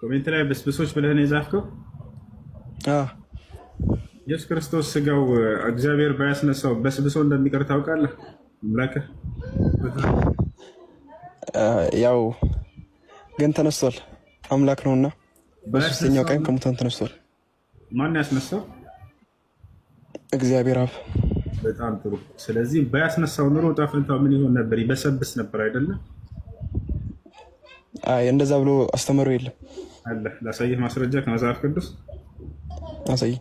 ኮሜንት ላይ ብስብሶች ብለህ ነው የጻፍከው። ኢየሱስ ክርስቶስ ስጋው እግዚአብሔር ባያስነሳው በስብሶ እንደሚቀር ታውቃለህ? አምላክህ ያው ግን ተነስቷል። አምላክ ነውና በሶስተኛው ቀን ከሙታን ተነስቷል። ማን ያስነሳው? እግዚአብሔር አብ። በጣም ጥሩ። ስለዚህ ባያስነሳው ኑሮ ዕጣ ፈንታው ምን ይሆን ነበር? ይበሰብስ ነበር አይደለም? አይ እንደዛ ብሎ አስተምሮ የለም አለ። ላሳይህ ማስረጃ ከመጽሐፍ ቅዱስ አሳይ።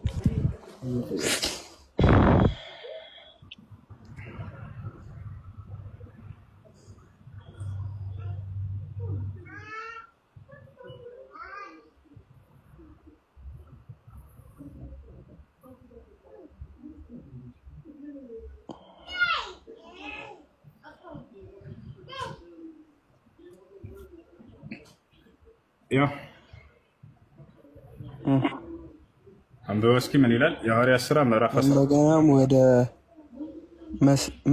አንብበው እስኪ ምን ይላል? የሐዋርያት ስራ ምዕራፍ እንደገናም ወደ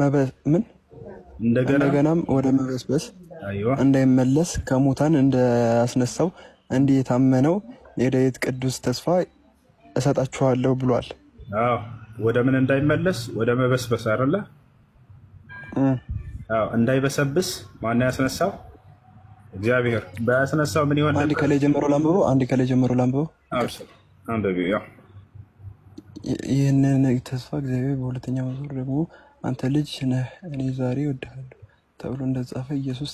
መበ ምን እንደገናም ወደ መበስበስ እንዳይመለስ ከሙታን እንዳያስነሳው እንዲህ የታመነው የዳዊት ቅዱስ ተስፋ እሰጣችኋለሁ ብሏል። አዎ ወደ ምን እንዳይመለስ ወደ መበስበስ አይደለ? አዎ እንዳይበሰብስ ማን ያስነሳው? እግዚአብሔር በያስነሳው ምን ይሆን? አንድ ከላይ ጀምሮ ላንብበው። አንድ ከላይ ጀምሮ ላንብበው። ይህንን ተስፋ እግዚአብሔር በሁለተኛው ዙር ደግሞ አንተ ልጅ ነህ እኔ ዛሬ እወድሃለሁ ተብሎ እንደተጻፈ ኢየሱስ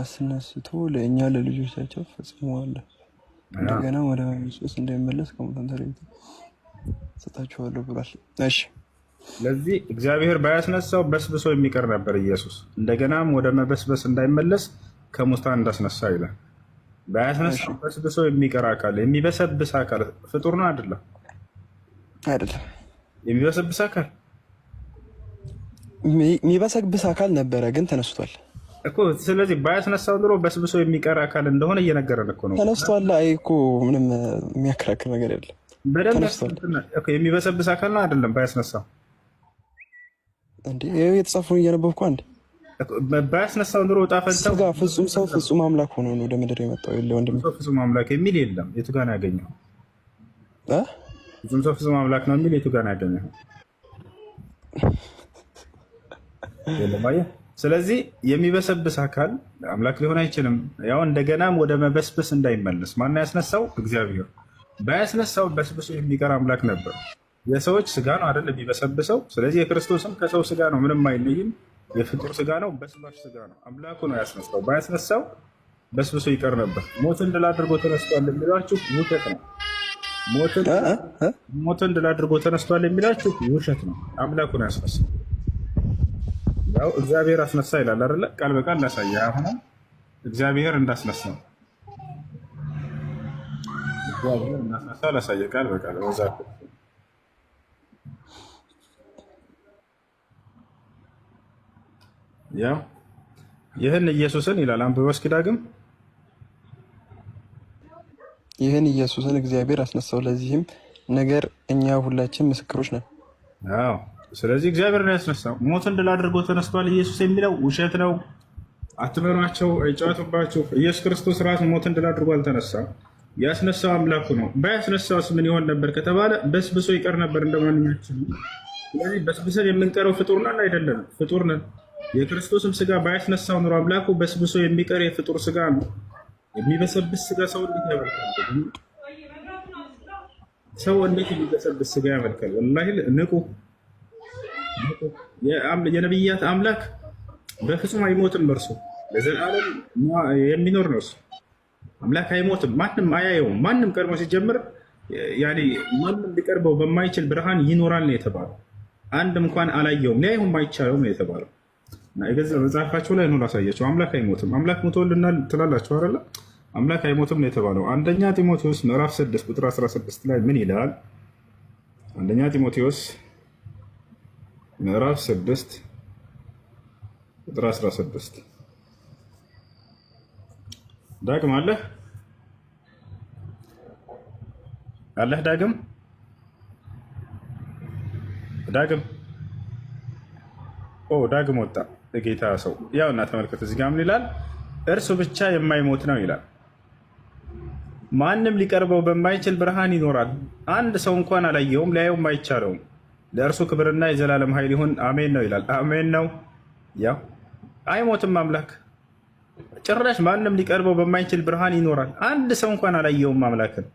አስነስቶ ለእኛ ለልጆቻቸው ፈጽመዋል። እንደገና ወደ መንግስት እንደሚመለስ ከሙታን ተለይቶ ሰጣችኋለሁ ብሏል። እሺ ስለዚህ እግዚአብሔር ባያስነሳው በስብሶ የሚቀር ነበር ኢየሱስ። እንደገናም ወደ መበስበስ እንዳይመለስ ከሙታን እንዳስነሳ ይላል። ባያስነሳው በስብሶ የሚቀር አካል የሚበሰብስ አካል ፍጡር ነው አይደለም? አይደለም። የሚበሰብስ አካል የሚበሰብስ አካል ነበረ፣ ግን ተነስቷል እኮ። ስለዚህ ባያስነሳው ኑሮ በስብሶ የሚቀር አካል እንደሆነ እየነገረን እኮ ነው። ተነስቷል። አይ እኮ ምንም የሚያከራክር ነገር የለም። በደንብ የሚበሰብስ አካል ነው አይደለም? ባያስነሳው እንዴ የተጻፈውን እያነበብኩ አንድ ባያስነሳው ኑሮ ዕጣ ፈንታው ጋር ፍጹም ሰው ፍጹም አምላክ ሆኖ ነው ወደ ምድር የመጣው። የለ ወንድም ፍጹም አምላክ የሚል የለም። የቱ ጋር ነው ያገኘው? ፍጹም ሰው ፍጹም አምላክ ነው የሚል የቱ ጋር ነው ያገኘው? የለም። አየህ፣ ስለዚህ የሚበሰብስ አካል አምላክ ሊሆን አይችልም። ያው እንደገናም ወደ መበስበስ እንዳይመለስ ማነው ያስነሳው? እግዚአብሔር። ባያስነሳው በስብሶ የሚቀር አምላክ ነበር። የሰዎች ስጋ ነው አይደል የሚበሰብሰው። ስለዚህ የክርስቶስም ከሰው ስጋ ነው፣ ምንም አይለይም። የፍጡር ስጋ ነው፣ በስባሽ ስጋ ነው። አምላኩ ነው ያስነሳው። ባያስነሳው በስብሶ ይቀር ነበር። ሞትን ድል አድርጎ ተነስቷል የሚሏችሁ ውሸት ነው። ሞትን ድል አድርጎ ተነስቷል የሚላችሁ ውሸት ነው። አምላኩ ነው ያስነሳው። ያው እግዚአብሔር አስነሳ ይላል አይደለ? ቃል በቃል እናሳየ አሁን እግዚአብሔር እንዳስነሳው እግዚአብሔር እንዳስነሳ ላሳየ ቃል በቃል ያ ይህን ኢየሱስን ይላል አንብበ እስኪ ዳግም ይህን ኢየሱስን እግዚአብሔር አስነሳው ለዚህም ነገር እኛ ሁላችን ምስክሮች ነን። አዎ ስለዚህ እግዚአብሔር ነው ያስነሳው። ሞትን ድል አድርጎ ተነስቷል ኢየሱስ የሚለው ውሸት ነው። አትመኗቸው፣ አይጫወቱባችሁ። ኢየሱስ ክርስቶስ ራሱ ሞትን ድል አድርጎ አልተነሳም። ያስነሳው አምላኩ ነው። ባያስነሳውስ ምን ይሆን ነበር ከተባለ በስብሶ ይቀር ነበር እንደማንኛችን። ስለዚህ በስብሰን የምንቀረው ፍጡር ነን አይደለም? ፍጡር ነን። የክርስቶስም ስጋ ባያስነሳው ኑሮ አምላኩ በስብሶ የሚቀር የፍጡር ስጋ ነው። የሚበሰብስ ስጋ ሰው እንዴት ያመልካል? ሰው እንዴት የሚበሰብስ ስጋ ያመልካል? ወላሂ ንቁ። የነቢያት አምላክ በፍጹም አይሞትም። እርሱ ለዘላለም የሚኖር ነው አምላክ አይሞትም። ማንም አያየውም። ማንም ቀድሞ ሲጀምር ማንም ሊቀርበው በማይችል ብርሃን ይኖራል ነው የተባለው። አንድ እንኳን አላየውም ሊያየውም አይቻለውም ነው የተባለው። የገዛ መጽሐፋቸው ላይ ነው ላሳያቸው። አምላክ አይሞትም፣ አምላክ ሞቶልናል ትላላቸው አለ። አምላክ አይሞትም ነው የተባለው። አንደኛ ጢሞቴዎስ ምዕራፍ 6 ቁጥር 16 ላይ ምን ይላል? አንደኛ ጢሞቴዎስ ምዕራፍ 6 ቁጥር 16 ዳግም አለህ አለህ ዳግም ዳግም ኦ ዳግም ወጣ። ጌታ ሰው ያው እና ተመልከት፣ እዚህ ጋር ምን ይላል? እርሱ ብቻ የማይሞት ነው ይላል። ማንም ሊቀርበው በማይችል ብርሃን ይኖራል። አንድ ሰው እንኳን አላየውም፣ ሊያየውም አይቻለውም። ለእርሱ ክብርና የዘላለም ኃይል ይሁን አሜን ነው ይላል። አሜን ነው ያው አይሞትም አምላክ ጭራሽ ማንም ሊቀርበው በማይችል ብርሃን ይኖራል። አንድ ሰው እንኳን አላየውም አምላክን